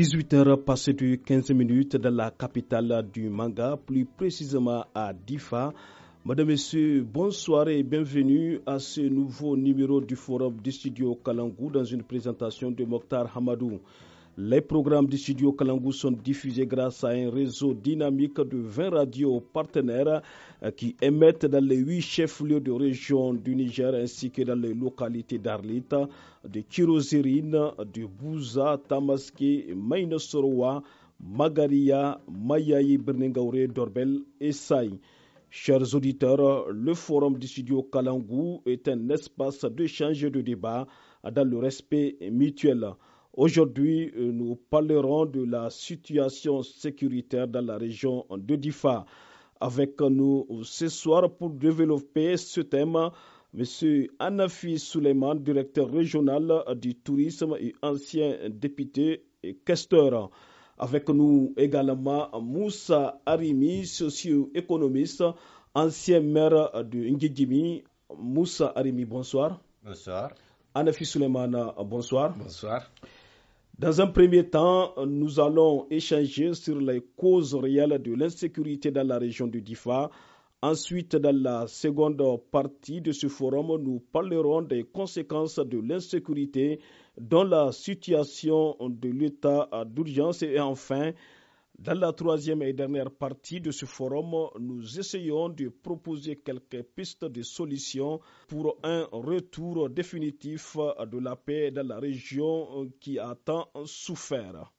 18h passé de 15 minutes dans la capitale du manga, plus précisément à Difa. et Messieurs, bonsoir et bienvenue à ce nouveau numéro du Forum du Studios Kalangou dans une présentation de Mokhtar Hamadou. Les programmes du studio Kalangu sont diffusés grâce à un réseau dynamique de 20 radios partenaires euh, qui émettent dans les huit chefs-lieux de région du Niger ainsi que dans les localités d'Arlita, de Kirozirine, de Bouza, Tamaski, Mainosoroa, Magaria, Mayaï, Berningaure, Dorbel et Saï. Chers auditeurs, le forum du studio Kalangou est un espace d'échange et de débat dans le respect mutuel. Aujourd'hui, euh, nous parlerons de la situation sécuritaire dans la région de Difa. Avec nous ce soir pour développer ce thème, M. Anafi Suleiman, directeur régional du tourisme et ancien député et questeur. Avec nous également Moussa Arimi, socio-économiste, ancien maire de Ngidjimi. Moussa Arimi, bonsoir. Bonsoir. Anafi Suleiman, bonsoir. Bonsoir. Dans un premier temps, nous allons échanger sur les causes réelles de l'insécurité dans la région du Difa. Ensuite, dans la seconde partie de ce forum, nous parlerons des conséquences de l'insécurité dans la situation de l'état d'urgence et enfin, dans la troisième et dernière partie de ce forum, nous essayons de proposer quelques pistes de solutions pour un retour définitif de la paix dans la région qui a tant souffert.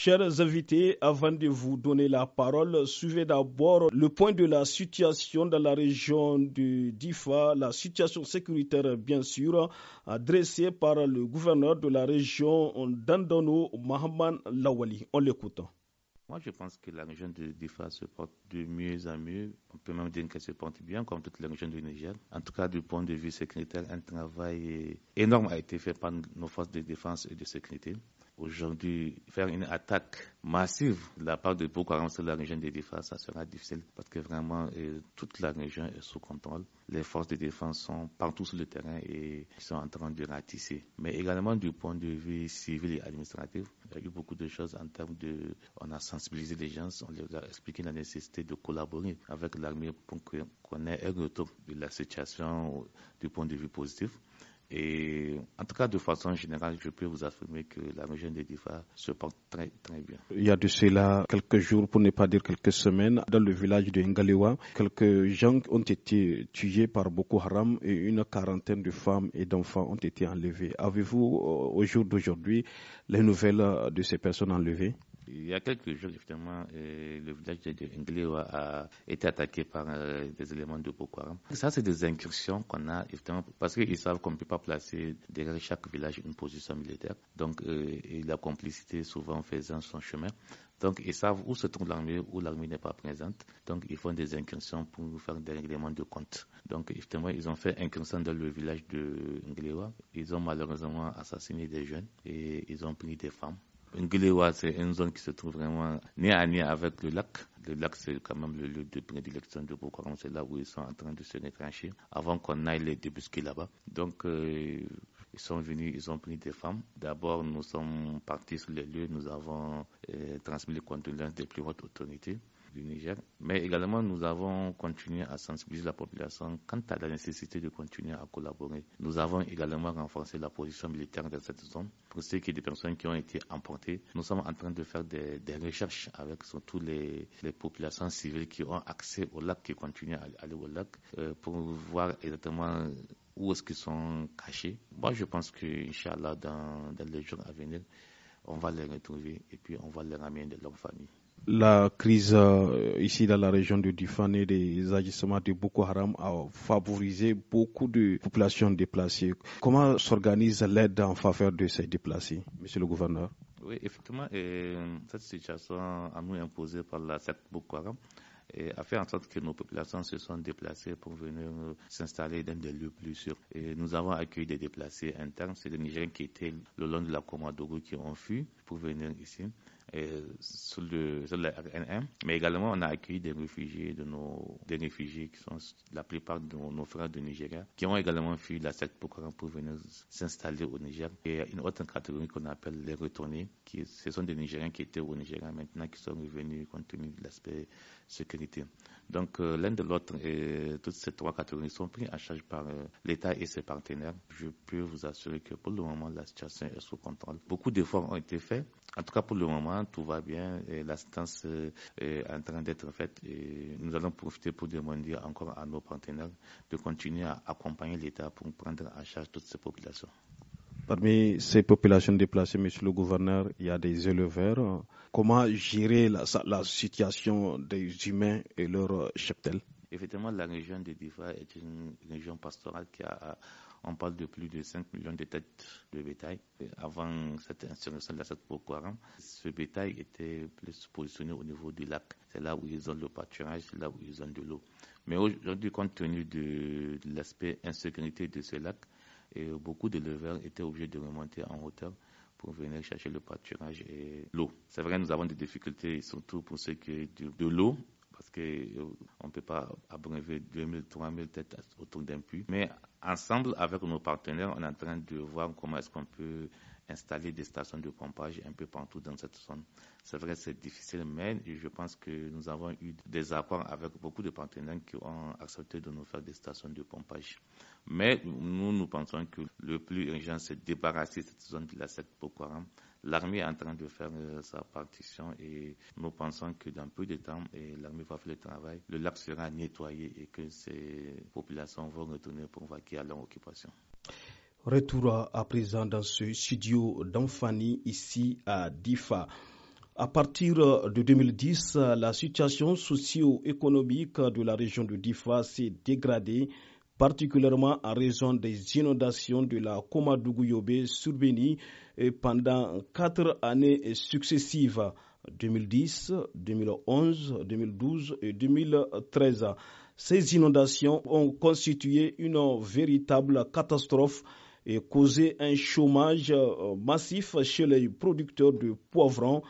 Chers invités, avant de vous donner la parole, suivez d'abord le point de la situation dans la région du Difa, la situation sécuritaire bien sûr, adressée par le gouverneur de la région d'Andono, Mohamed Lawali. On l'écoute. Moi, je pense que la région de Difa se porte de mieux en mieux. On peut même dire qu'elle se porte bien, comme toute la région du Niger. En tout cas, du point de vue sécuritaire, un travail énorme a été fait par nos forces de défense et de sécurité aujourd'hui faire une attaque massive de la part de Boko Haram sur la région de défenses, ça sera difficile parce que vraiment euh, toute la région est sous contrôle. Les forces de défense sont partout sur le terrain et sont en train de ratisser. Mais également du point de vue civil et administratif, il y a eu beaucoup de choses en termes de... On a sensibilisé les gens, on leur a expliqué la nécessité de collaborer avec l'armée pour qu'on ait un retour de la situation du point de vue positif. Et en tout cas, de façon générale, je peux vous affirmer que la région de Difa se porte très, très bien. Il y a de cela quelques jours, pour ne pas dire quelques semaines, dans le village de Ngalewa, quelques gens ont été tués par Boko Haram et une quarantaine de femmes et d'enfants ont été enlevés. Avez-vous, euh, au jour d'aujourd'hui, les nouvelles de ces personnes enlevées il y a quelques jours, justement, le village de Nglewa a été attaqué par euh, des éléments de Boko Haram. Ça, c'est des incursions qu'on a, justement, parce qu'ils savent qu'on ne peut pas placer derrière chaque village une position militaire. Donc, euh, la complicité souvent faisant son chemin. Donc, ils savent où se trouve l'armée, où l'armée n'est pas présente. Donc, ils font des incursions pour faire des règlements de compte. Donc, justement, ils ont fait incursion dans le village de Nglewa. Ils ont malheureusement assassiné des jeunes et ils ont pris des femmes. Nguelewa, c'est une zone qui se trouve vraiment ni à ni avec le lac. Le lac, c'est quand même le lieu de prédilection de Boko Haram. C'est là où ils sont en train de se retrancher avant qu'on aille les débusquer là-bas. Donc, euh, ils sont venus, ils ont pris des femmes. D'abord, nous sommes partis sur les lieux, nous avons euh, transmis les condoléances des plus hautes autorités du Niger. Mais également, nous avons continué à sensibiliser la population quant à la nécessité de continuer à collaborer. Nous avons également renforcé la position militaire dans cette zone. Pour ceux qui des personnes qui ont été emportées, nous sommes en train de faire des, recherches avec toutes les, les, populations civiles qui ont accès au lac, qui continuent à aller au lac, euh, pour voir exactement où est-ce qu'ils sont cachés. Moi, je pense que, Inch'Allah, dans, dans les jours à venir, on va les retrouver et puis on va les ramener de leur famille la crise euh, ici dans la région de Dufane et des agissements de Boko Haram a favorisé beaucoup de populations déplacées. Comment s'organise l'aide en faveur de ces déplacés, monsieur le gouverneur Oui, effectivement, euh, cette situation à nous imposée par la secte Boko Haram a fait en sorte que nos populations se sont déplacées pour venir euh, s'installer dans des lieux plus sûrs. nous avons accueilli des déplacés internes, c'est des Nigériens qui étaient le long de la Komadogo qui ont fui pour venir ici sur, le, sur mais également on a accueilli des réfugiés, de nos, des réfugiés qui sont la plupart de nos, frères du Nigeria, qui ont également fui la secte pour venir s'installer au Niger. Et une autre catégorie qu'on appelle les retournés, qui ce sont des Nigériens qui étaient au Nigeria maintenant, qui sont revenus compte tenu de l'aspect sécurité. Donc euh, l'un de l'autre, toutes ces trois catégories sont prises en charge par euh, l'État et ses partenaires. Je peux vous assurer que pour le moment, la situation est sous contrôle. Beaucoup d'efforts ont été faits en tout cas, pour le moment, tout va bien. L'assistance euh, est en train d'être faite et nous allons profiter pour demander encore à nos partenaires de continuer à accompagner l'État pour prendre en charge toutes ces populations. Parmi ces populations déplacées, monsieur le gouverneur, il y a des éleveurs. Comment gérer la, la situation des humains et leur cheptel Effectivement, la région de Diva est une région pastorale qui a on parle de plus de 5 millions de têtes de bétail. Avant cette insurrection de la Boko Haram, ce bétail était plus positionné au niveau du lac. C'est là où ils ont le pâturage, c'est là où ils ont de l'eau. Mais aujourd'hui, compte tenu de, l'aspect insécurité de ce lac, et beaucoup leveurs étaient obligés de remonter en hauteur pour venir chercher le pâturage et l'eau. C'est vrai, nous avons des difficultés, surtout pour ce qui est de l'eau, parce qu'on euh, ne peut pas abreuver 2000, 3000 têtes autour d'un puits. Mais ensemble avec nos partenaires, on est en train de voir comment est-ce qu'on peut installer des stations de pompage un peu partout dans cette zone. C'est vrai, c'est difficile, mais je pense que nous avons eu des accords avec beaucoup de partenaires qui ont accepté de nous faire des stations de pompage. Mais nous, nous pensons que le plus urgent, c'est de débarrasser cette zone de la secte Boko L'armée est en train de faire euh, sa partition et nous pensons que dans peu de temps, l'armée va faire le travail. Le lac sera nettoyé et que ces populations vont retourner pour vaquer à leur occupation. Retour à présent dans ce studio d'Amfani ici à Difa. À partir de 2010, la situation socio-économique de la région de Difa s'est dégradée, particulièrement en raison des inondations de la komadougou sur survenues euh, pendant quatre années successives 2010, 2011, 2012 et 2013. Ces inondations ont constitué une véritable catastrophe et causé un chômage euh, massif chez les producteurs de poivrons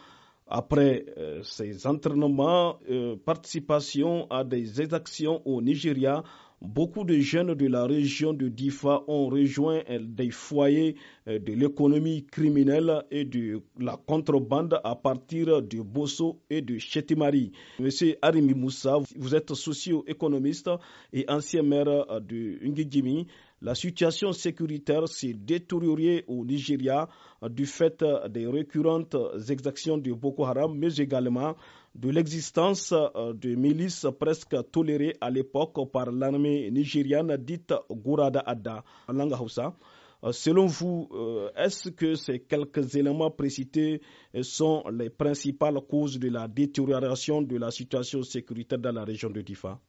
après euh, ces entraînements, euh, participation à des exactions au Nigeria, beaucoup de jeunes de la région de Difa ont rejoint des foyers de l'économie criminelle et de la contrebande à partir de Bosso et de Chetimari. Monsieur Arimi Moussa, vous êtes socio-économiste et ancien maire de Ngidjimi. La situation sécuritaire s'est détériorée au Nigeria du fait des récurrentes exactions de Boko Haram, mais également de l'existence euh, de milices presque tolérées à l'époque par l'armée nigériane dite Gourada Adda. Euh, selon vous, euh, est-ce que ces quelques éléments précités sont les principales causes de la détérioration de la situation sécuritaire dans la région de Difa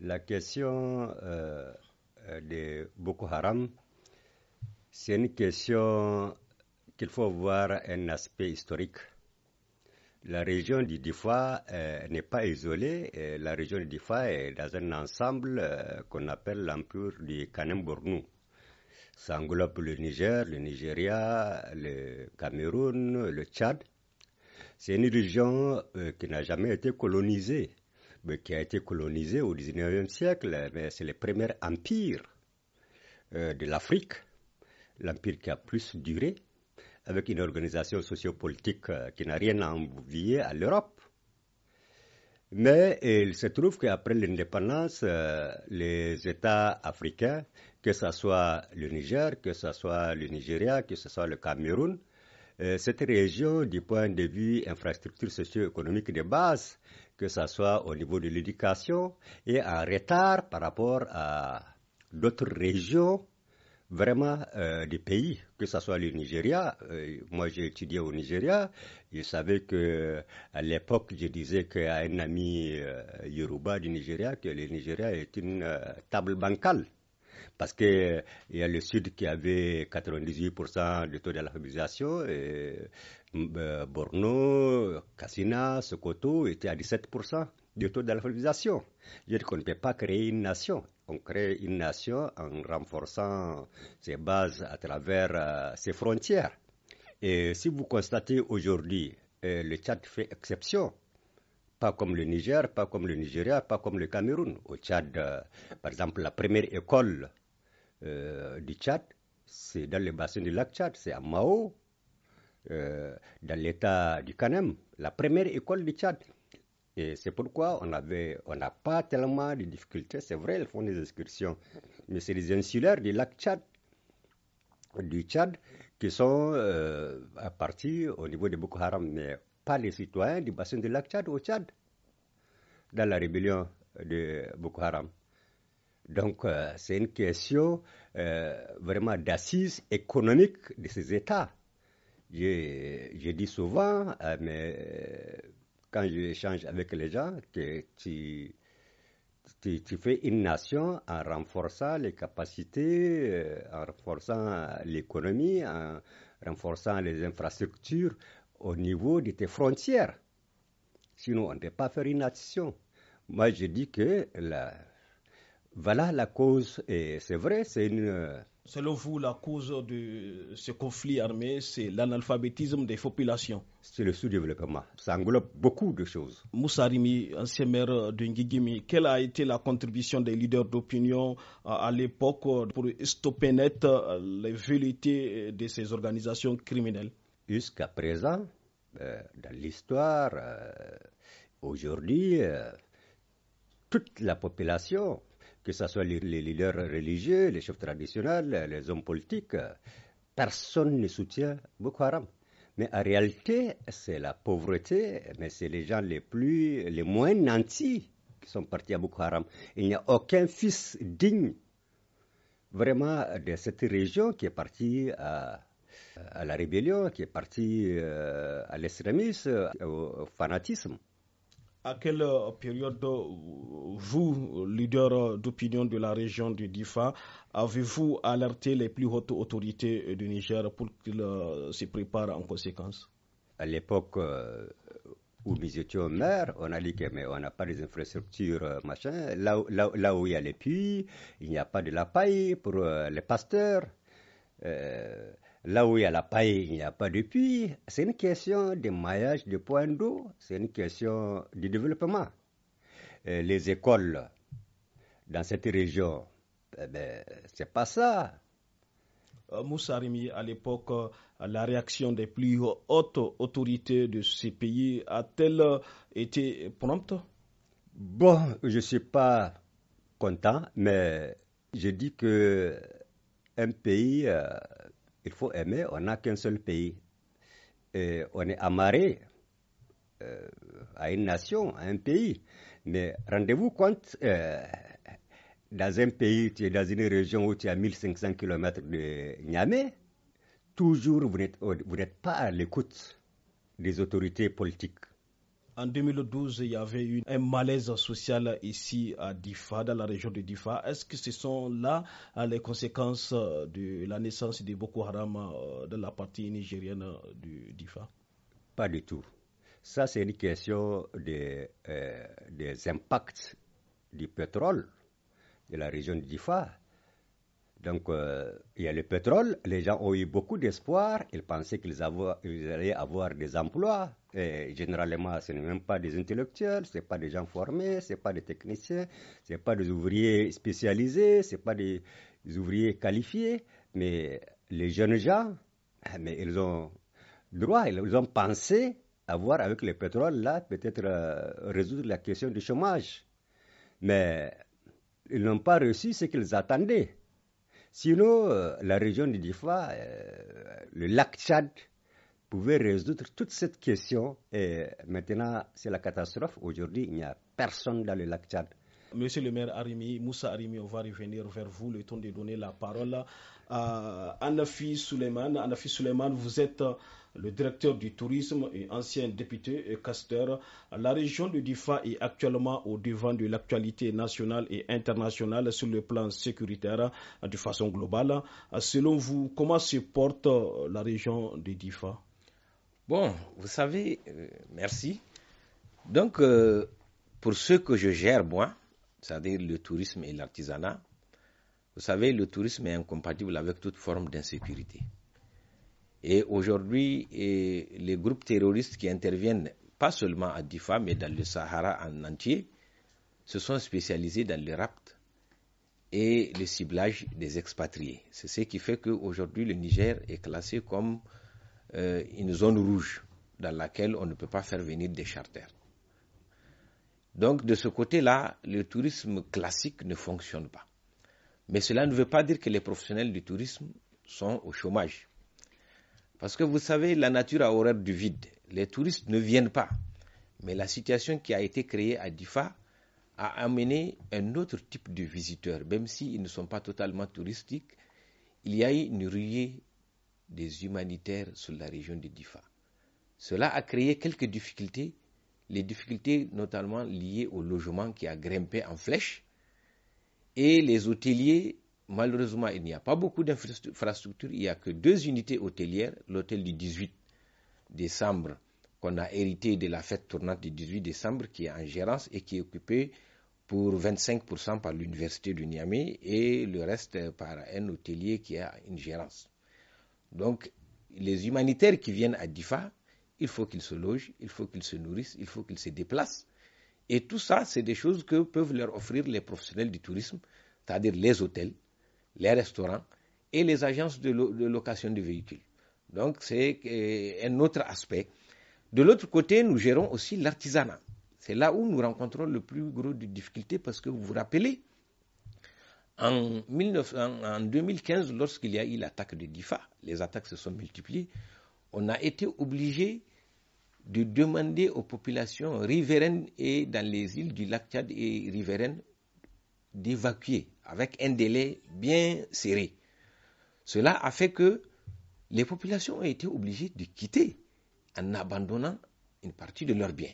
La question euh, de Boko Haram, c'est une question qu'il faut voir un aspect historique. La région du Difa euh, n'est pas isolée. la région du Difa est dans un ensemble euh, qu'on appelle l'empire du Kanem-Bornou. Ça englobe le Niger, le Nigeria, le Cameroun, le Tchad. C'est une région qui n'a jamais été colonisée. Euh, qui a été colonisé au 19e siècle, c'est le premier empire euh, de l'Afrique, l'empire qui a plus duré, avec une organisation sociopolitique euh, qui n'a rien à envier à l'Europe. Mais il se trouve qu'après l'indépendance, les États africains, que ce soit le Niger, que ce soit le Nigeria, que ce soit le Cameroun, euh, cette région, du point de vue infrastructure socio-économique de base, que ce soit au niveau de l'éducation, est en retard par rapport à d'autres régions vraiment euh, des pays, que ce soit le Nigeria. Euh, moi, j'ai étudié au Nigeria. Je savais que à l'époque, je disais qu'à un ami Yoruba du Nigeria que le Nigeria est une table bancale. Parce qu'il euh, y a le Sud qui avait 98% du taux d'alphabétisation, euh, euh, Borno, Cassina, Sokoto étaient à 17% du taux d'alphabétisation. Je à dire qu'on ne peut pas créer une nation. On crée une nation en renforçant ses bases à travers ses frontières. Et si vous constatez aujourd'hui, le Tchad fait exception. Pas comme le Niger, pas comme le Nigeria, pas comme le Cameroun. Au Tchad, par exemple, la première école euh, du Tchad, c'est dans le bassin du lac Tchad, c'est à Mao, euh, dans l'état du Canem, la première école du Tchad. Et c'est pourquoi on avait, on n'a pas tellement de difficultés. C'est vrai, ils font des excursions, mais c'est les insulaires du lac Tchad, du Tchad, qui sont euh, à partis au niveau de Boko Haram, mais pas les citoyens du bassin du lac Tchad au Tchad, dans la rébellion de Boko Haram. Donc, euh, c'est une question euh, vraiment d'assises économiques de ces États. Euh, je, dis souvent, mais quand j'échange avec les gens, que tu, tu, fais une nation en renforçant les capacités, en renforçant l'économie, en renforçant les infrastructures au niveau de tes frontières. Sinon, on ne peut pas faire une nation. Moi, je dis que la, voilà la cause, et c'est vrai, c'est une... Euh, Selon vous, la cause de ce conflit armé, c'est l'analphabétisme des populations. C'est le sous-développement. Ça englobe beaucoup de choses. Moussa Rimi, ancien maire de Ngigimi, quelle a été la contribution des leaders d'opinion euh, à l'époque euh, pour stopper net les vérités de ces organisations criminelles Jusqu'à présent, dans l'histoire, aujourd'hui, toute la population que ce soit les, leaders religieux, les chefs traditionnels, les hommes politiques, personne ne soutient Boko Haram. Mais en réalité, c'est la pauvreté, mais c'est les gens les les moins nantis qui sont partis à Boko Haram. Il n'y a aucun fils digne vraiment de cette région qui est partie à, à la rébellion, qui est partie euh, à l'extrémisme, au fanatisme à quelle euh, période, euh, vous, leader euh, d'opinion de la région du DIFA, avez-vous alerté les plus hautes autorités du Niger pour qu'ils se préparent en conséquence À l'époque où nous étions on a dit que mais on n'a pas les infrastructures, machin. Là, où il y a les puits, il n'y a pas de la paille pour les pasteurs. Là où il y a la paille, il n'y a pas de puits. C'est une question de maillage de points d'eau, c'est une question de développement. Euh, les écoles dans cette région, eh ben, c'est pas ça. Euh, Moussa à l'époque, euh, la réaction des plus hautes autorités de ces pays a-t-elle été prompte Bon, je ne suis pas content, mais je dis que un pays il faut aimer, on n'a qu'un seul pays. on est amarré euh, à une nation, à un pays. Mais rendez-vous compte, euh, dans un pays, tu es dans une région où tu à 1500 km de Niamey, toujours vous n'êtes pas à l'écoute des autorités politiques. En 2012, il y avait eu un malaise social ici à Difa, dans la région de Difa. Est-ce que ce sont là euh, les conséquences euh, de la naissance de Boko Haram euh, dans la partie nigérienne du Difa Pas du tout. Ça, c'est une question des, des impacts du pétrole de la région de Difa donc, euh, il y a le pétrole. Les gens ont eu beaucoup d'espoir. Ils pensaient qu'ils allaient avoir des emplois. Et généralement, ce n'est même pas des intellectuels, ce n'est pas des gens formés, ce n'est pas des techniciens, ce n'est pas des ouvriers spécialisés, ce n'est pas des, ouvriers qualifiés. Mais les jeunes gens, eh, mais ils ont droit, ils ont pensé avoir avec le pétrole là peut-être euh, résoudre la question du chômage. Mais ils n'ont pas reçu ce qu'ils attendaient. Sinon, euh, la région du Difa, euh, le lac Tchad, pouvait résoudre toute cette question. Et maintenant, c'est la catastrophe. Aujourd'hui, il n'y a personne dans le lac Tchad. Monsieur le maire Arimi, Moussa Arimi, on va revenir vers vous le temps de donner la parole à Anafi Souleymane. Anafi Souleymane, vous êtes le directeur du tourisme et ancien député et casteur, la région de Difa est actuellement au devant de l'actualité nationale et internationale sur le plan sécuritaire de façon globale. Selon vous, comment se porte euh, la région de Difa Bon, vous savez, euh, merci. Donc, euh, pour ce que je gère, moi, c'est-à-dire le tourisme et l'artisanat, vous savez, le tourisme est incompatible avec toute forme d'insécurité. Et aujourd'hui, les groupes terroristes qui interviennent, pas seulement à Difa, mais dans le Sahara en entier, se sont spécialisés dans le rapt et le ciblage des expatriés. C'est ce qui fait qu'aujourd'hui, le Niger est classé comme euh, une zone rouge dans laquelle on ne peut pas faire venir des charters. Donc, de ce côté-là, le tourisme classique ne fonctionne pas. Mais cela ne veut pas dire que les professionnels du tourisme sont au chômage parce que vous savez, la nature a horreur du vide. Les touristes ne viennent pas. Mais la situation qui a été créée à Difa a amené un autre type de visiteurs, même s'ils ne sont pas totalement touristiques. Il y a eu une ruée des humanitaires sur la région de Difa. Cela a créé quelques difficultés, les difficultés notamment liées au logement qui a grimpé en flèche, et les hôteliers Malheureusement, il n'y a pas beaucoup d'infrastructures. Il n'y a que deux unités hôtelières, l'hôtel du 18 décembre qu'on a hérité de la fête tournante du 18 décembre qui est en gérance et qui est occupé pour 25% par l'université du Niamey et le reste par un hôtelier qui a une gérance. Donc les humanitaires qui viennent à Difa, il faut qu'ils se logent, il faut qu'ils se nourrissent, il faut qu'ils se déplacent. Et tout ça, c'est des choses que peuvent leur offrir les professionnels du tourisme, c'est-à-dire les hôtels, les restaurants et les agences de, location de véhicules. Donc c'est euh, un autre aspect. De l'autre côté, nous gérons aussi l'artisanat. C'est là où nous rencontrons le plus gros de difficultés parce que vous vous rappelez, en, en 2015, lorsqu'il y a eu l'attaque de DIFA, les attaques se sont multipliées, on a été obligé de demander aux populations riveraines et dans les îles du lac Tchad et riveraines d'évacuer avec un délai bien serré. Cela a fait que les populations ont été obligées de quitter en abandonnant une partie de leurs biens.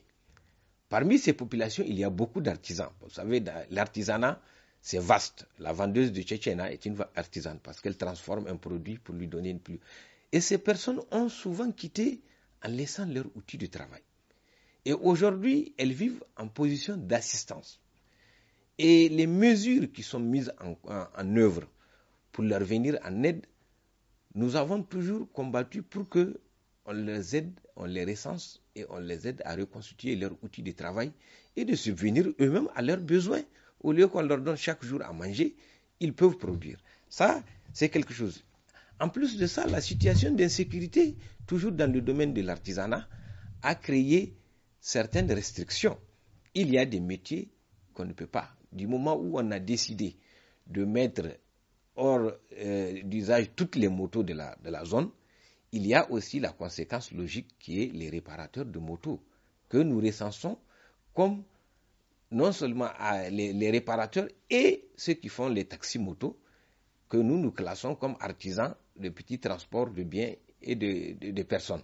Parmi ces populations, il y a beaucoup d'artisans. Vous savez, l'artisanat, c'est vaste. La vendeuse de Tchétchéna est une artisane parce qu'elle transforme un produit pour lui donner une plus. Et ces personnes ont souvent quitté en laissant leur outils de travail. Et aujourd'hui, elles vivent en position d'assistance et les mesures qui sont mises en, œuvre pour leur venir en aide, nous avons toujours combattu pour que on les aide, on les recense et on les aide à reconstituer leurs outils de travail et de subvenir eux-mêmes à leurs besoins. Au lieu qu'on leur donne chaque jour à manger, ils peuvent produire. Ça, c'est quelque chose. En plus de ça, la situation d'insécurité, toujours dans le domaine de l'artisanat, a créé certaines restrictions. Il y a des métiers qu'on ne peut pas. Du moment où on a décidé de mettre hors euh, d'usage toutes les motos de la, de la zone, il y a aussi la conséquence logique qui est les réparateurs de motos, que nous recensons comme non seulement les, réparateurs et ceux qui font les taxis motos, que nous nous classons comme artisans de petits transports de biens et de personnes.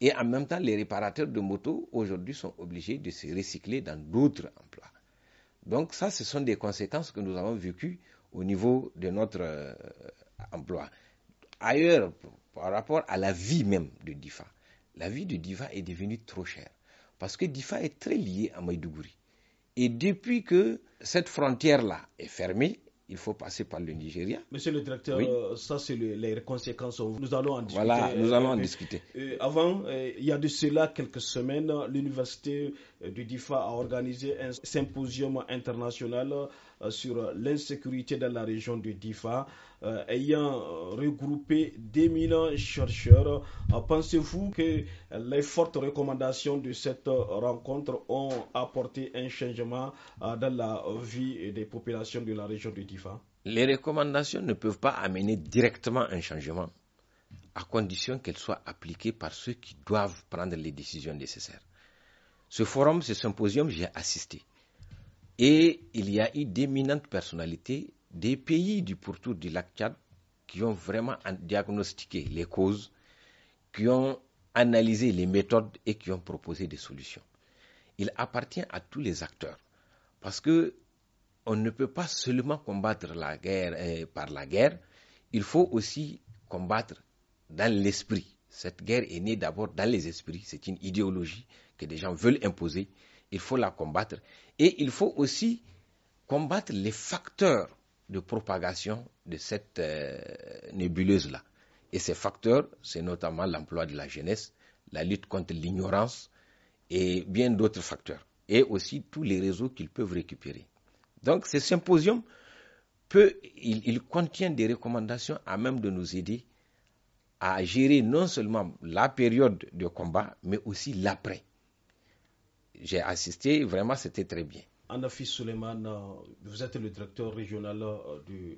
Et en même temps, les réparateurs de motos aujourd'hui sont obligés de se recycler dans d'autres emplois. Donc ça, ce sont des conséquences que nous avons vécues au niveau de notre euh, emploi. Ailleurs, par rapport à la vie même de Difa, la vie de Difa est devenue trop chère. Parce que Difa est très liée à Maïdougouri. Et depuis que cette frontière-là est fermée, il faut passer par le Nigeria. Monsieur le directeur, euh, ça c'est les conséquences. Nous allons en discuter. Voilà, nous allons en euh, discuter. Euh, avant, il y a de cela quelques semaines, l'université du DIFA a organisé un symposium international euh, sur euh, l'insécurité dans la région de Difa, euh, ayant regroupé 2000 chercheurs. Pensez-vous que les fortes recommandations de cette rencontre ont apporté un changement dans la vie des populations de la région de Difa Les recommandations ne peuvent pas amener directement un changement à condition qu'elles soient appliquées par ceux qui doivent prendre les décisions nécessaires. Ce forum, ce symposium, j'ai assisté. Et il y a eu d'éminentes personnalités des pays du pourtour du lac Tchad qui ont vraiment diagnostiqué les causes, qui ont analysé les méthodes et qui ont proposé des solutions. Il appartient à tous les acteurs parce que on ne peut pas seulement combattre la guerre euh, par la guerre, il faut aussi combattre dans l'esprit. Cette guerre est née d'abord dans les esprits, c'est une idéologie que des gens veulent imposer il faut la combattre. Et il faut aussi combattre les facteurs de propagation de cette euh, nébuleuse-là. Et ces facteurs, c'est notamment l'emploi de la jeunesse, la lutte contre l'ignorance et bien d'autres facteurs. Et aussi tous les réseaux qu'ils peuvent récupérer. Donc ce symposium peut, il contient des recommandations à même de nous aider à gérer non seulement la période de combat, mais aussi l'après j'ai assisté, vraiment c'était très bien. Anafi Suleiman, euh, vous êtes le directeur régional euh,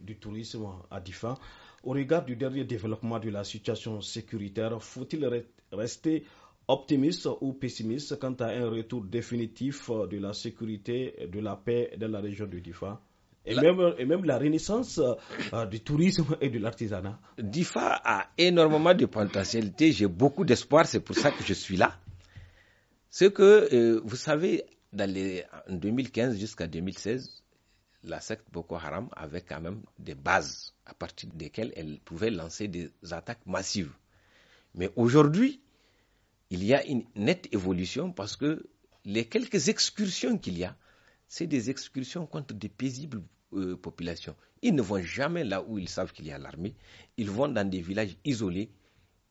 du, tourisme à Difa. Au regard du dernier développement de la situation sécuritaire, faut-il rester optimiste ou pessimiste quant à un retour définitif euh, de la sécurité, de la paix dans la région de Difa et, Même, la renaissance du tourisme et de l'artisanat. Difa a énormément de potentialité j'ai beaucoup d'espoir, c'est pour ça que je suis là. Ce que, euh, vous savez, dans les, en 2015 jusqu'à 2016, la secte Boko Haram avait quand même des bases à partir desquelles elle pouvait lancer des attaques massives. Mais aujourd'hui, il y a une nette évolution parce que les quelques excursions qu'il y a, c'est des excursions contre des paisibles euh, populations. Ils ne vont jamais là où ils savent qu'il y a l'armée. Ils vont dans des villages isolés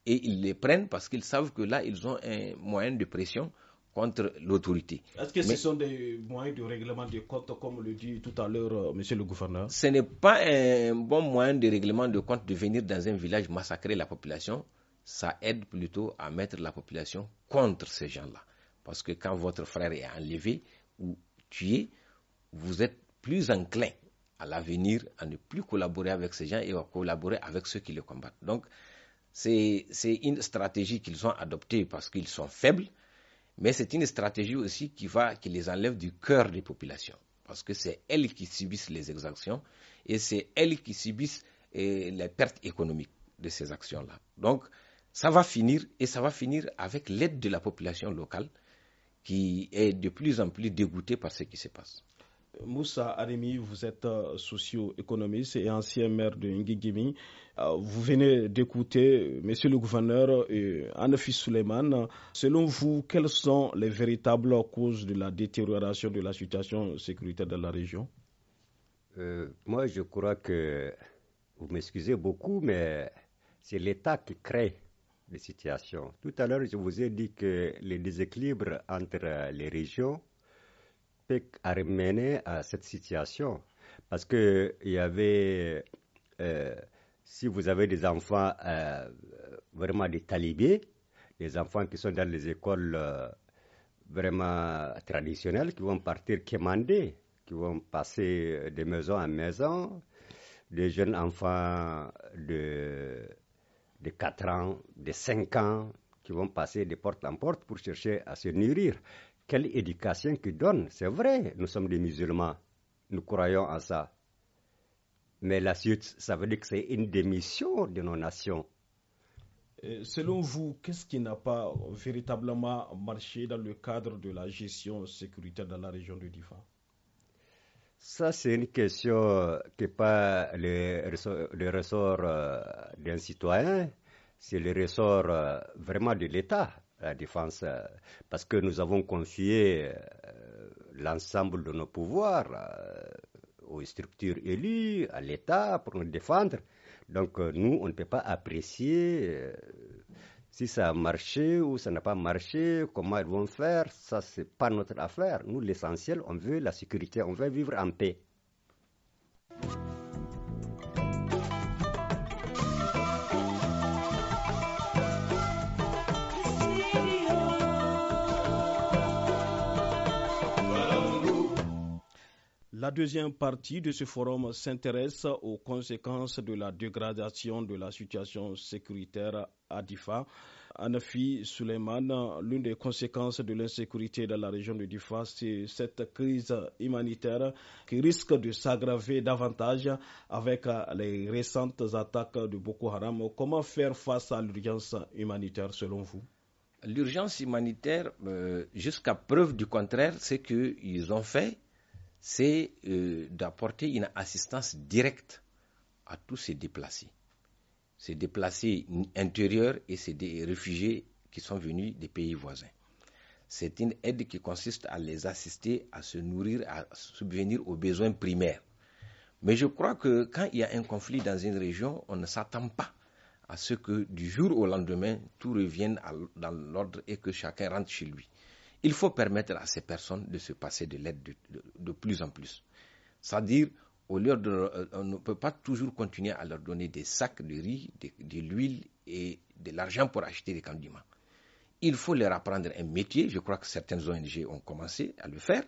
et ils les prennent parce qu'ils savent que là, ils ont un moyen de pression contre l'autorité. Est-ce que ce sont des moyens de règlement de compte, comme le dit tout à l'heure euh, Monsieur le gouverneur Ce n'est pas un bon moyen de règlement de compte de venir dans un village massacrer la population. Ça aide plutôt à mettre la population contre ces gens-là. Parce que quand votre frère est enlevé ou tué, vous êtes plus enclin à l'avenir à ne plus collaborer avec ces gens et à collaborer avec ceux qui les combattent. Donc, c'est une stratégie qu'ils ont adoptée parce qu'ils sont faibles mais c'est une stratégie aussi qui va, qui les enlève du cœur des populations, parce que c'est elles qui subissent les exactions et c'est elles qui subissent eh, les pertes économiques de ces actions-là. Donc, ça va finir et ça va finir avec l'aide de la population locale qui est de plus en plus dégoûtée par ce qui se passe. Moussa Arimi, vous êtes euh, socio-économiste et ancien maire de Ngigimi. Euh, vous venez d'écouter euh, Monsieur le gouverneur et Anafi Suleiman. Selon vous, quelles sont les véritables causes de la détérioration de la situation sécuritaire de la région Moi, je crois que, vous m'excusez beaucoup, mais c'est l'État qui crée les situations. Tout à l'heure, je vous ai dit que les déséquilibres entre les régions peut amener à cette situation. Parce il y avait, euh, si vous avez des enfants euh, vraiment des talibés, des enfants qui sont dans les écoles euh, vraiment traditionnelles, qui vont partir quémander, qui vont passer de maison en maison, des jeunes enfants de, de 4 ans, de 5 ans, qui vont passer de porte en porte pour chercher à se nourrir. Quelle éducation qu'ils donnent, c'est vrai, nous sommes des musulmans, nous croyons en ça. Mais la suite, ça veut dire que c'est une démission de nos nations. selon vous, qu'est-ce qui n'a pas véritablement marché dans le cadre de la gestion sécuritaire dans la région du Difa Ça, c'est une question qui n'est pas le ressort euh, d'un citoyen, c'est le ressort euh, vraiment de l'État la défense, euh, parce que nous avons confié euh, l'ensemble de nos pouvoirs euh, aux structures élues, à l'État pour nous défendre. Donc nous, on ne peut pas apprécier si ça a marché ou ça n'a pas marché, comment ils vont faire, ça n'est pas notre affaire. Nous, l'essentiel, on veut la sécurité, on veut vivre en paix. La deuxième partie de ce forum s'intéresse aux conséquences de la dégradation de la situation sécuritaire à Difa. Anafi Suleiman, l'une des conséquences de l'insécurité dans la région de Difa, c'est cette crise humanitaire qui risque de s'aggraver davantage avec les récentes attaques de Boko Haram. Comment faire face à l'urgence humanitaire selon vous L'urgence humanitaire, euh, jusqu'à preuve du contraire, c'est qu'ils ont fait c'est euh, d'apporter une assistance directe à tous ces déplacés. Ces déplacés intérieurs et ces réfugiés qui sont venus des pays voisins. C'est une aide qui consiste à les assister à se nourrir, à subvenir aux besoins primaires. Mais je crois que quand il y a un conflit dans une région, on ne s'attend pas à ce que du jour au lendemain, tout revienne dans l'ordre et que chacun rentre chez lui. Il faut permettre à ces personnes de se passer de l'aide de, plus en plus. C'est-à-dire, au lieu de, euh, on ne peut pas toujours continuer à leur donner des sacs de riz, de, l'huile et de l'argent pour acheter des candiments. Il faut leur apprendre un métier. Je crois que certaines ONG ont commencé à le faire.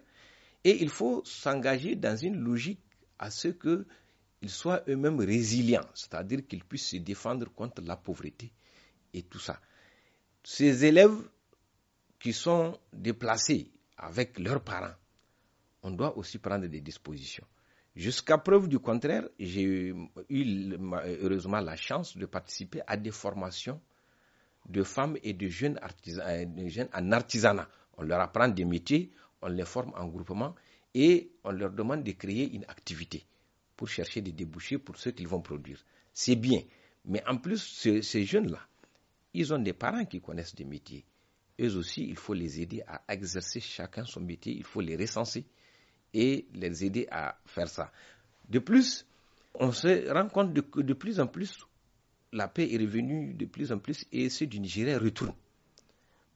Et il faut s'engager dans une logique à ce qu'ils soient eux-mêmes résilients, c'est-à-dire qu'ils puissent se défendre contre la pauvreté et tout ça. Ces élèves qui sont déplacés avec leurs parents, on doit aussi prendre des dispositions. Jusqu'à preuve du contraire, j'ai eu heureusement la chance de participer à des formations de femmes et de jeunes, artisans, euh, en artisanat. On leur apprend des métiers, on les forme en groupement et on leur demande de créer une activité pour chercher des débouchés pour ce qu'ils vont produire. C'est bien. Mais en plus, ces jeunes-là, ils ont des parents qui connaissent des métiers eux aussi, il faut les aider à exercer chacun son métier, il faut les recenser et les aider à faire ça. De plus, on se rend compte que de, plus en plus, la paix est revenue de plus en plus et ceux du Nigeria retournent.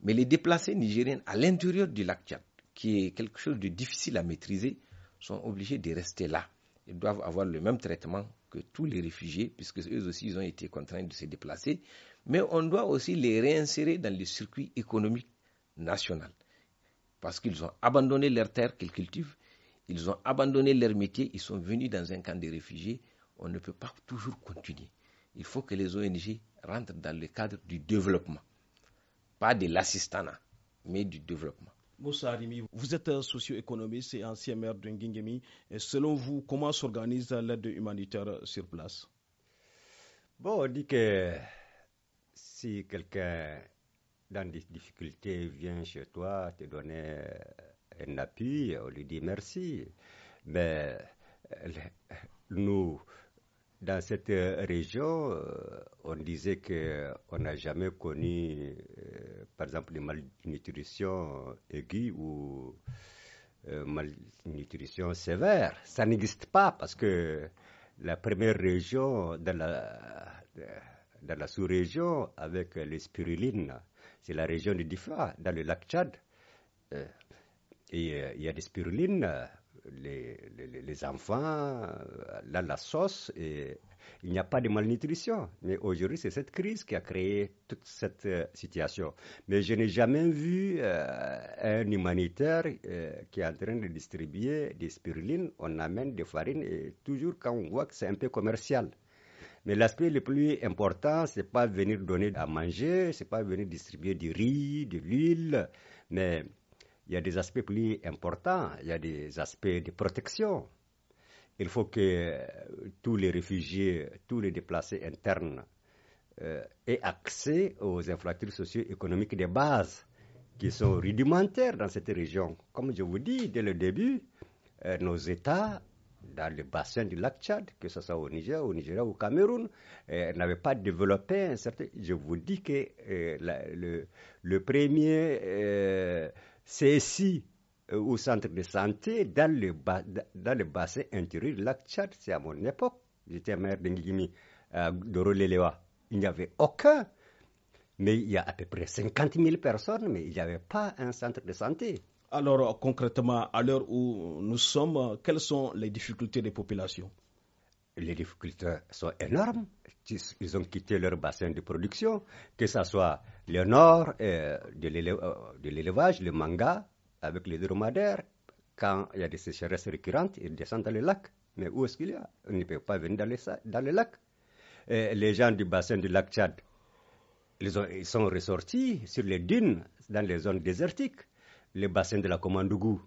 Mais les déplacés nigériens à l'intérieur du lac Tchad, qui est quelque chose de difficile à maîtriser, sont obligés de rester là. Ils doivent avoir le même traitement que tous les réfugiés, puisque eux aussi, ils ont été contraints de se déplacer mais on doit aussi les réinsérer dans le circuit économique national. Parce qu'ils ont abandonné leurs terres qu'ils cultivent, ils ont abandonné leur métier, ils sont venus dans un camp de réfugiés. On ne peut pas toujours continuer. Il faut que les ONG rentrent dans le cadre du développement, pas de l'assistanat, mais du développement. Moussa vous êtes un socio-économiste et ancien maire de Ngingemi. Selon vous, comment s'organise l'aide humanitaire sur place Bon, on dit que si quelqu'un dans des difficultés vient chez toi te donner euh, un appui, on lui dit merci. Mais euh, nous, dans cette région, euh, on disait qu'on n'a jamais connu, par exemple, une malnutrition aiguë ou malnutrition sévère. Ça n'existe pas parce que la première région de la dans la sous-région avec les spirulines. C'est la région de Difa, dans le lac Tchad. Euh, et euh, il y a des spirulines, euh, les, enfants, là, la sauce, et il n'y a pas de malnutrition. Mais aujourd'hui, c'est cette crise qui a créé toute cette situation. Mais je n'ai jamais vu un humanitaire qui est en train de distribuer des spirulines. On amène des farines et toujours quand on voit que c'est un peu commercial. Mais l'aspect le plus important, c'est pas venir donner à manger, c'est pas venir distribuer du riz, de l'huile, mais il y a des aspects plus importants, il y a des aspects de protection. Il faut que euh, tous les réfugiés, tous les déplacés internes euh, aient accès aux infrastructures socio-économiques de base qui sont rudimentaires dans cette région. Comme je vous dis dès le début, euh, nos États dans le bassin du lac Tchad, que ce soit au Niger, au Nigeria, au Cameroun, euh, n'avait pas développé un certain. Je vous dis que euh, le, premier euh, CSI euh, au centre de santé dans le, bassin intérieur du lac Tchad, c'est à mon époque, j'étais maire de Ngimi, de Roléléwa. Il n'y avait aucun, mais il y a à peu près 50 000 personnes, mais il n'y avait pas un centre de santé. Alors euh, concrètement, à l'heure où nous sommes, euh, quelles sont les difficultés des populations les difficultés sont énormes. Ils ont quitté leur bassin de production, que ce soit le nord euh, de l'élevage, le manga, avec les dromadaires. Quand il y a des sécheresses récurrentes, ils descendent dans les lac. Mais où est-ce qu'il y a On ne peut pas venir dans, les, lacs. les gens du bassin du lac Tchad, ils sont ressortis sur les dunes, dans les zones désertiques le bassin de la Commandougou.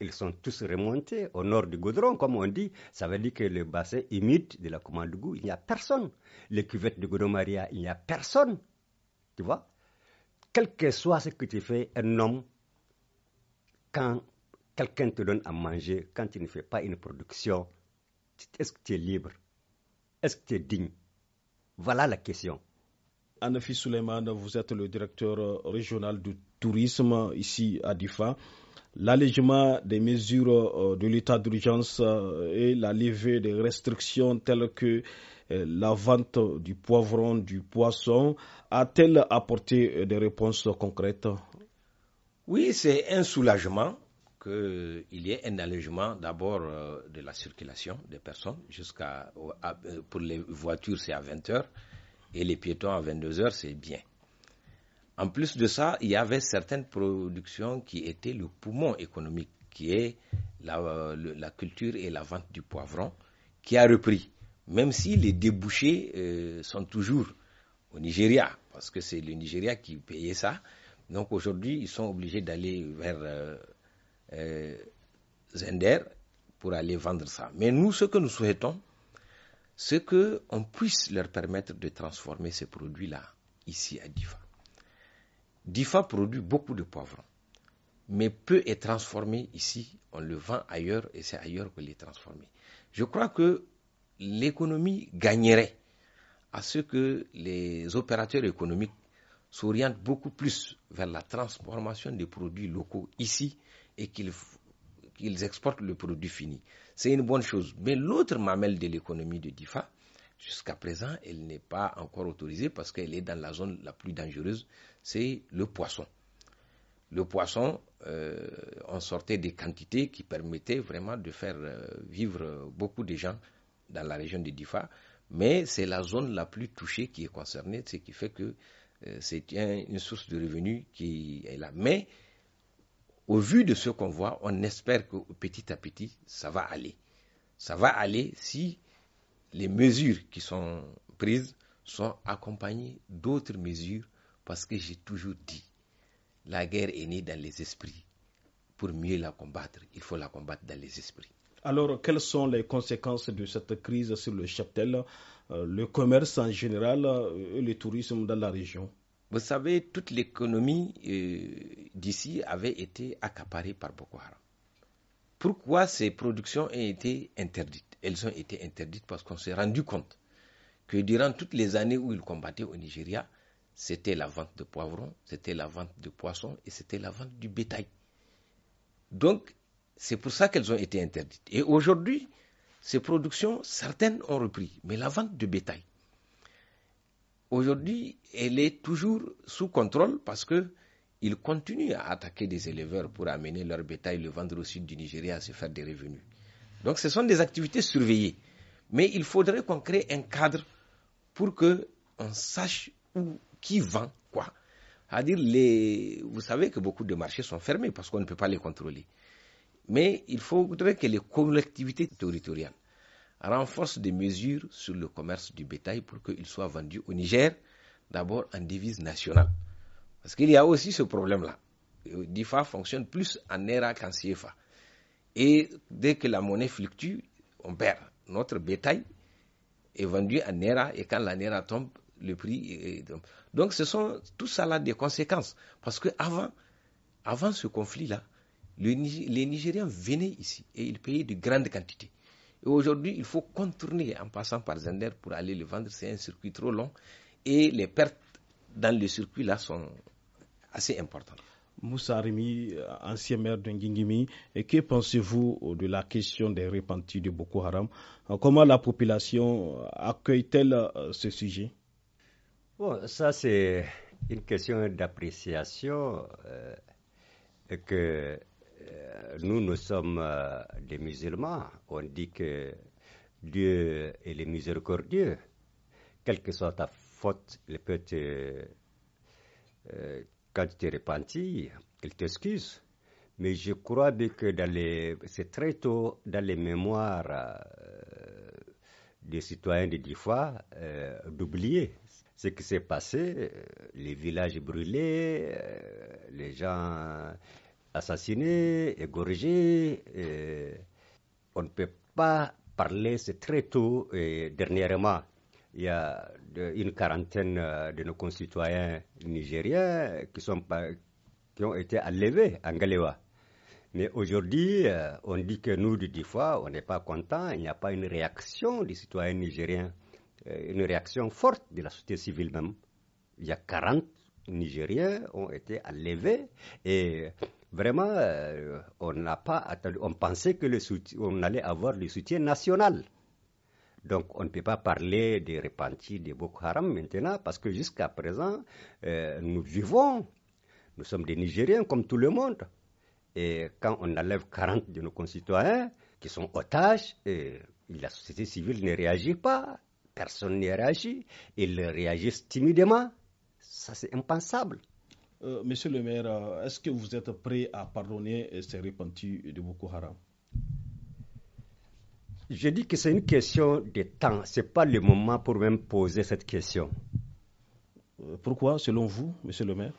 Ils sont tous remontés au nord du Goudron, comme on dit. Ça veut dire que le bassin humide de la Commandougou, il n'y a personne. Les cuvettes de Maria il n'y a personne. Tu vois Quel que soit ce que tu fais, un homme, quand quelqu'un te donne à manger, quand tu ne fais pas une production, est-ce que tu es libre Est-ce que tu es digne Voilà la question. Anafi Souleymane, vous êtes le directeur euh, régional du tourisme ici à Difa, l'allègement des mesures euh, de l'état d'urgence euh, et la levée des restrictions telles que euh, la vente du poivron, du poisson, a-t-elle apporté des réponses concrètes Oui, c'est un soulagement qu'il y ait un allègement d'abord de la circulation des personnes jusqu'à pour les voitures c'est à 20 heures et les piétons à 22 heures c'est bien en plus de ça, il y avait certaines productions qui étaient le poumon économique, qui est la, euh, culture et la vente du poivron, qui a repris, même si les débouchés euh, sont toujours au Nigeria, parce que c'est le Nigeria qui payait ça. Donc aujourd'hui, ils sont obligés d'aller vers euh, Zender pour aller vendre ça. Mais nous, ce que nous souhaitons, c'est qu'on puisse leur permettre de transformer ces produits-là ici à Difa. Difa produit beaucoup de poivrons, mais peu est transformé ici. On le vend ailleurs et c'est ailleurs qu'il est transformé. Je crois que l'économie gagnerait à ce que les opérateurs économiques s'orientent beaucoup plus vers la transformation des produits locaux ici et qu'ils exportent le produit fini. C'est une bonne chose. Mais l'autre mamelle de l'économie de DIFA, Jusqu'à présent, elle n'est pas encore autorisée parce qu'elle est dans la zone la plus dangereuse, c'est le poisson. Le poisson, euh, on sortait des quantités qui permettaient vraiment de faire euh, vivre beaucoup de gens dans la région de Difa, mais c'est la zone la plus touchée qui est concernée, ce qui fait que euh, c'est une source de revenus qui est là. Mais au vu de ce qu'on voit, on espère que petit à petit, ça va aller. Ça va aller si les mesures qui sont prises sont accompagnées d'autres mesures parce que j'ai toujours dit, la guerre est née dans les esprits. Pour mieux la combattre, il faut la combattre dans les esprits. Alors, quelles sont les conséquences de cette crise sur le cheptel, euh, le commerce en général euh, et le tourisme dans la région Vous savez, toute l'économie euh, d'ici avait été accaparée par Boko Haram. Pourquoi ces productions ont été interdites Elles ont été interdites parce qu'on s'est rendu compte que durant toutes les années où ils combattaient au Nigeria, c'était la vente de poivrons, c'était la vente de poissons et c'était la vente du bétail. Donc, c'est pour ça qu'elles ont été interdites. Et aujourd'hui, ces productions, certaines ont repris, mais la vente de bétail, aujourd'hui, elle est toujours sous contrôle parce que ils continuent à attaquer des éleveurs pour amener leur bétail le vendre au sud du Nigeria à se faire des revenus. Donc ce sont des activités surveillées. Mais il faudrait qu'on crée un cadre pour que sache où, qui vend quoi. dire vous savez que beaucoup de marchés sont fermés parce qu'on ne peut pas les contrôler. Mais il faudrait que les collectivités territoriales renforcent des mesures sur le commerce du bétail pour qu'il soit vendu au Niger, d'abord en devise nationale. Parce qu'il y a aussi ce problème-là. DIFA fonctionne plus en ERA qu'en CFA. Et dès que la monnaie fluctue, on perd. Notre bétail est vendu en Nera. et quand la NERA tombe, le prix est... Donc ce sont tout ça là des conséquences. Parce qu'avant avant, ce conflit-là, les Nigériens venaient ici et ils payaient de grandes quantités. Et aujourd'hui, il faut contourner en passant par Zender pour aller le vendre. C'est un circuit trop long et les pertes dans le circuit là sont assez important. Moussa Arimi, ancien maire de et que pensez-vous de la question des repentis de Boko Haram Comment la population accueille-t-elle euh, ce sujet Bon, ça c'est une question d'appréciation euh, que euh, nous, nous sommes des musulmans. On dit que Dieu est le miséricordieux. Quelle que soit ta faute, il peut te quand tu te repentis, il t'excuse. Mais je crois que c'est très tôt dans les mémoires euh, des citoyens de Difa euh, d'oublier ce qui s'est passé, euh, les villages brûlés, les gens assassinés, égorgés. on ne peut pas parler, c'est très tôt et dernièrement il y a une quarantaine euh, de nos concitoyens nigériens qui, ont été enlevés en Galewa. Mais aujourd'hui, euh, on dit que nous, du fois, on n'est pas content, il n'y a pas une réaction des citoyens nigériens, euh, une réaction forte de la société civile même. Il y a 40 Nigériens ont été enlevés et vraiment, on n'a pas attendu, on pensait que on allait avoir le soutien national. Donc on ne peut pas parler des repentis de Boko Haram maintenant parce que jusqu'à présent, euh, nous vivons, nous sommes des Nigériens comme tout le monde. Et quand on enlève 40 de nos concitoyens qui sont otages, et euh, la société civile ne réagit pas, personne ne réagit, ils réagissent timidement. Ça, c'est impensable. Euh, monsieur le maire, est-ce que vous êtes prêt à pardonner ces repentis de Boko Haram je dis que c'est une question de temps. Ce n'est pas le moment pour même poser cette question. Euh, pourquoi, selon vous, monsieur le maire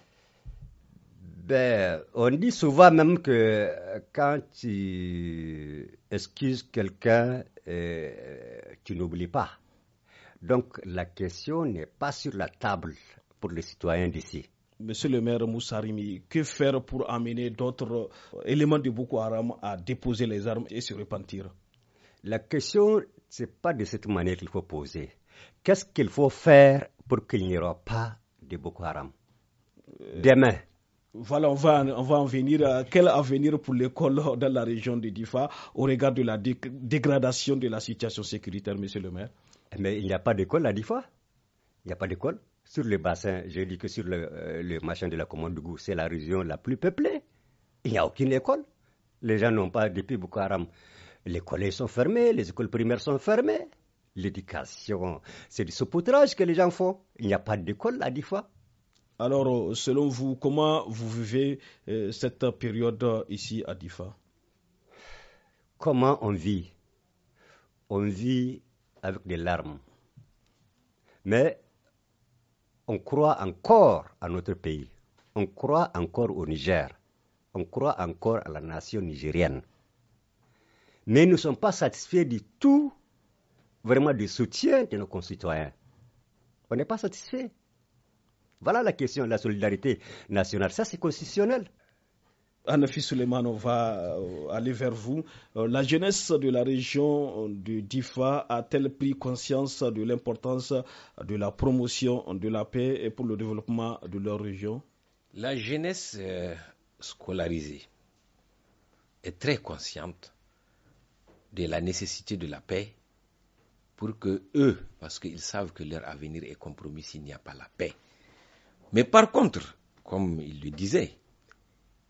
ben, On dit souvent même que euh, quand tu excuses quelqu'un, euh, tu n'oublies pas. Donc la question n'est pas sur la table pour les citoyens d'ici. Monsieur le maire Moussarimi, que faire pour amener d'autres éléments du Boko Haram à déposer les armes et se repentir la question, ce n'est pas de cette manière qu'il faut poser. Qu'est-ce qu'il faut faire pour qu'il n'y aura pas de Boko Haram euh, demain voilà, on va, en venir. quel avenir pour l'école dans la région de Difa au regard de la dégradation de la situation sécuritaire, monsieur le maire Mais il n'y a pas d'école à Difa. Il n'y a pas d'école. Sur le bassin, je dis que sur euh, le, machin de la commande de c'est la région la plus peuplée. Il n'y a aucune école. Les gens n'ont pas, depuis Boko Haram, les collèges sont fermés, les écoles primaires sont fermées. L'éducation, c'est du saupoudrage que les gens font. Il n'y a pas d'école à Difa. Alors, euh, selon vous, comment vous vivez euh, cette période euh, ici à Difa Comment on vit On vit avec des larmes. Mais on croit encore à notre pays. On croit encore au Niger. On croit encore à la nation nigérienne mais nous ne sommes pas satisfaits du tout, vraiment, du soutien de nos concitoyens. On n'est pas satisfait. Voilà la question de la solidarité nationale. Ça, c'est constitutionnel. Anafi Suleiman, on va euh, aller vers vous. Euh, la jeunesse de la région euh, du Difa a-t-elle pris conscience de l'importance de la promotion de la paix et pour le développement de leur région La jeunesse scolarisée est très consciente de la nécessité de la paix pour que eux, parce qu'ils savent que leur avenir est compromis s'il n'y a pas la paix. Mais par contre, comme il le disait,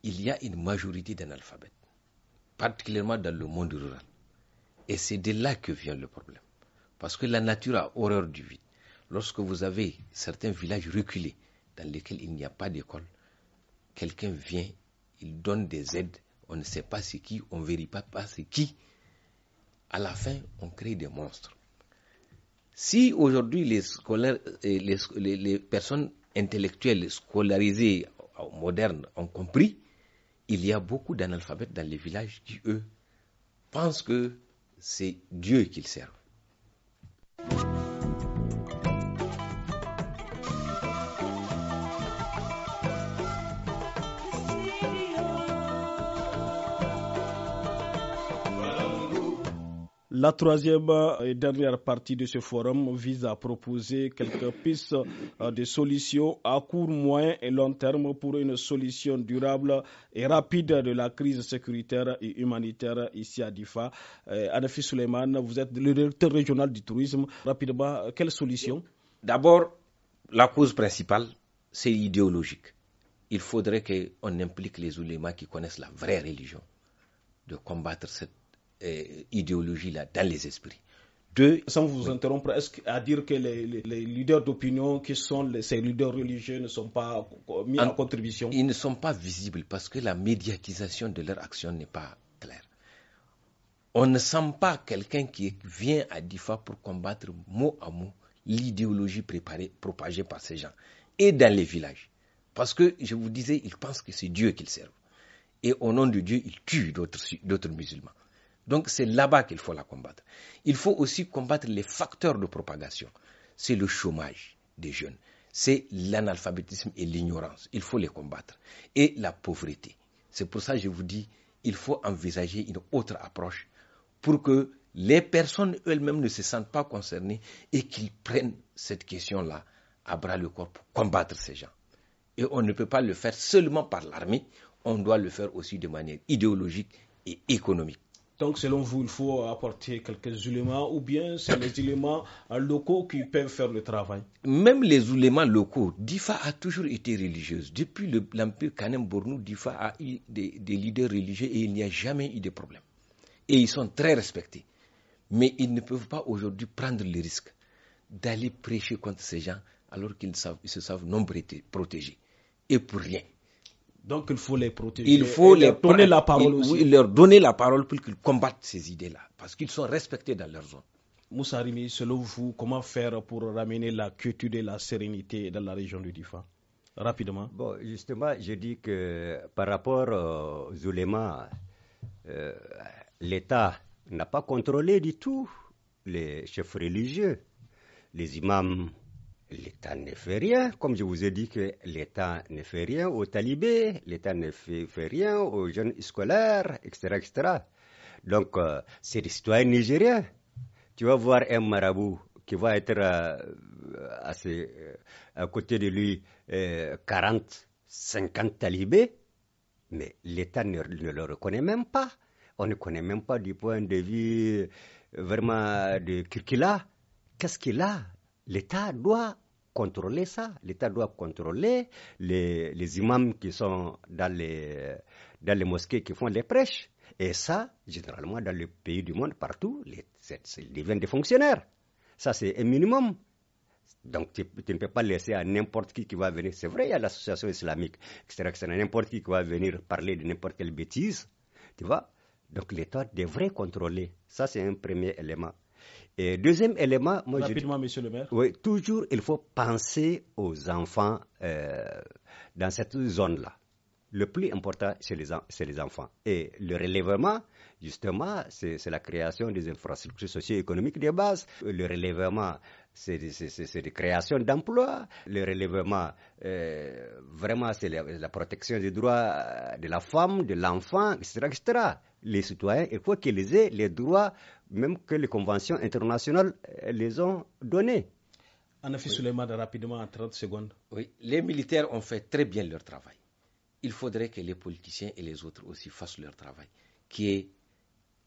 il y a une majorité d'analphabètes, particulièrement dans le monde rural. Et c'est de là que vient le problème. Parce que la nature a horreur du vide. Lorsque vous avez certains villages reculés dans lesquels il n'y a pas d'école, quelqu'un vient, il donne des aides, on ne sait pas ce qui, on ne vérifie pas c'est qui, à la fin, on crée des monstres. Si aujourd'hui les, euh, les, personnes intellectuelles scolarisées euh, modernes ont compris, il y a beaucoup d'analphabètes dans les villages qui, eux, pensent que c'est Dieu qu'ils servent. La troisième euh, et dernière partie de ce forum vise à proposer quelques pistes euh, de solutions à court, moyen et long terme pour une solution durable et rapide de la crise sécuritaire et humanitaire ici à Difa. Euh, Anafi Suleiman, vous êtes le directeur régional du tourisme. Rapidement, quelles solutions D'abord, la cause principale, c'est idéologique. Il faudrait qu'on implique les oulémas qui connaissent la vraie religion de combattre cette euh, idéologie-là dans les esprits. Deux, Sans vous interrompre, est-ce à dire que les, leaders d'opinion qui sont ces leaders religieux ne sont pas mis en, contribution Ils ne sont pas visibles parce que la médiatisation de leur action n'est pas claire. On ne sent pas quelqu'un qui vient à Difa pour combattre mot à mot l'idéologie préparée, propagée par ces gens et dans les villages. Parce que, je vous disais, ils pensent que c'est Dieu qu'ils servent. Et au nom de Dieu, ils tuent d'autres musulmans. Donc c'est là-bas qu'il faut la combattre. Il faut aussi combattre les facteurs de propagation. C'est le chômage des jeunes, c'est l'analphabétisme et l'ignorance. Il faut les combattre. Et la pauvreté. C'est pour ça que je vous dis, il faut envisager une autre approche pour que les personnes elles-mêmes ne se sentent pas concernées et qu'ils prennent cette question-là à bras le corps pour combattre ces gens. Et on ne peut pas le faire seulement par l'armée, on doit le faire aussi de manière idéologique et économique. Donc, selon vous, il faut apporter quelques éléments ou bien c'est les éléments euh, locaux qui peuvent faire le travail Même les éléments locaux, Difa a toujours été religieuse. Depuis l'Empire Kanem Bornou, Difa a eu des, leaders religieux et il n'y a jamais eu de problème. Et ils sont très respectés. Mais ils ne peuvent pas aujourd'hui prendre le risque d'aller prêcher contre ces gens alors qu'ils se savent nombreux protégés. Et pour rien. Donc il faut les protéger. Il faut leur donner la parole pour qu'ils combattent ces idées-là, parce qu'ils sont respectés dans leur zone. Moussa selon vous, comment faire pour ramener la culture et la sérénité dans la région du Difa Rapidement. justement, je dis que par rapport euh, aux éléments, euh, l'État n'a pas contrôlé du tout les chefs religieux, les imams L'État ne fait rien, comme je vous ai dit que l'État ne fait rien aux talibés, l'État ne fait, rien aux jeunes scolaires, etc. etc. Donc, euh, c'est des citoyens nigériens. Tu vas voir un marabout qui va être euh, euh, à, côté de lui 40, 50 talibés, mais l'État ne, le reconnaît même pas. On ne connaît même pas du point de vue vraiment de Kirkila. Qu'est-ce qu'il a l'État doit contrôler ça. L'État doit contrôler les, imams qui sont dans les, dans les mosquées qui font les prêches. Et ça, généralement, dans les pays du monde, partout, ils deviennent des fonctionnaires. Ça, c'est un minimum. Donc, tu, ne peux pas laisser à n'importe qui qui va venir. C'est vrai, il y a l'association islamique, etc. à n'importe qui qui va venir parler de n'importe quelle bêtise. Tu vois Donc, l'État devrait contrôler. Ça, c'est un premier élément. Et deuxième élément, moi monsieur le toujours, il faut penser aux enfants euh, dans cette zone-là. Le plus important, c'est les, enfants. Et le relèvement, justement, c'est la création des infrastructures socio-économiques de base. Le relèvement, c'est la création d'emplois. Le relèvement, euh, vraiment, c'est la, la, protection des droits euh, de la femme, de l'enfant, etc., etc les citoyens, il faut qu'ils aient les droits, même que les conventions internationales euh, les ont donnés. Anafi oui. rapidement, en 30 secondes. Oui, les militaires ont fait très bien leur travail. Il faudrait que les politiciens et les autres aussi fassent leur travail, qui est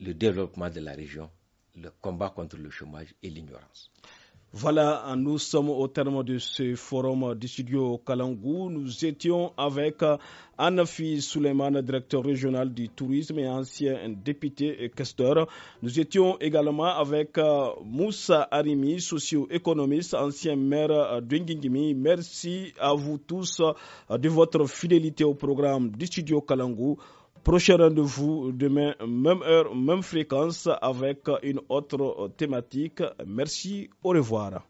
le développement de la région, le combat contre le chômage et l'ignorance. Voilà, euh, nous sommes au terme de ce forum du studio Kalangou. Nous étions avec euh, Anafi Souleymane, directeur régional du tourisme et ancien député et questeur. Nous étions également avec euh, Moussa Arimi, socio-économiste, ancien maire d'Ungingimi. Merci à vous tous de votre fidélité au programme du studio Kalangou. Prochain rendez-vous demain, même heure, même fréquence avec une autre thématique. Merci, au revoir.